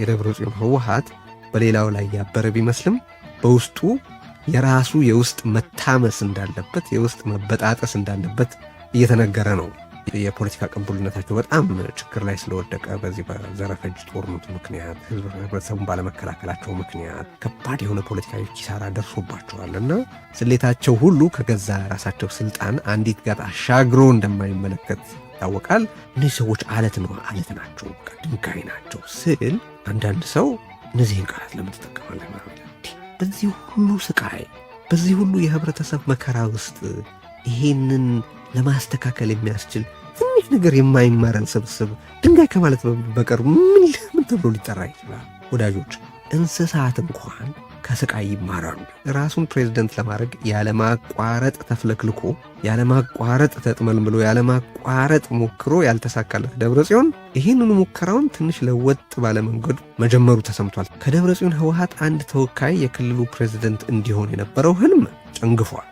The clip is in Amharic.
የደብረ ጽዮን በሌላው ላይ ያበረ ቢመስልም በውስጡ የራሱ የውስጥ መታመስ እንዳለበት የውስጥ መበጣጠስ እንዳለበት እየተነገረ ነው። የፖለቲካ ቅቡልነታቸው በጣም ችግር ላይ ስለወደቀ በዚህ በዘረፈጅ ጦርነቱ ምክንያት ህብረተሰቡን ባለመከላከላቸው ምክንያት ከባድ የሆነ ፖለቲካዊ ኪሳራ ደርሶባቸዋል እና ስሌታቸው ሁሉ ከገዛ ራሳቸው ስልጣን አንዲት ጋር አሻግሮ እንደማይመለከት ይታወቃል። እነዚህ ሰዎች አለት ነው አለት ናቸው፣ ድንጋይ ናቸው ስል አንዳንድ ሰው እነዚህን ቃላት ለምን ትጠቀማለህ? በዚህ ሁሉ ስቃይ፣ በዚህ ሁሉ የህብረተሰብ መከራ ውስጥ ይሄንን ለማስተካከል የሚያስችል ትንሽ ነገር የማይማረን ስብስብ ድንጋይ ከማለት በቀር ምን ለምን ተብሎ ሊጠራ ይችላል? ወዳጆች እንስሳት እንኳን ከስቃይ ይማራሉ። ራሱን ፕሬዝደንት ለማድረግ ያለማቋረጥ ተፍለክልኮ፣ ያለማቋረጥ ተጥመልምሎ፣ ያለማቋረጥ ሞክሮ ያልተሳካለት ደብረ ጽዮን ይህንኑ ሙከራውን ትንሽ ለወጥ ባለመንገዱ መጀመሩ ተሰምቷል። ከደብረ ጽዮን ህወሀት አንድ ተወካይ የክልሉ ፕሬዝደንት እንዲሆን የነበረው ህልም ጨንግፏል።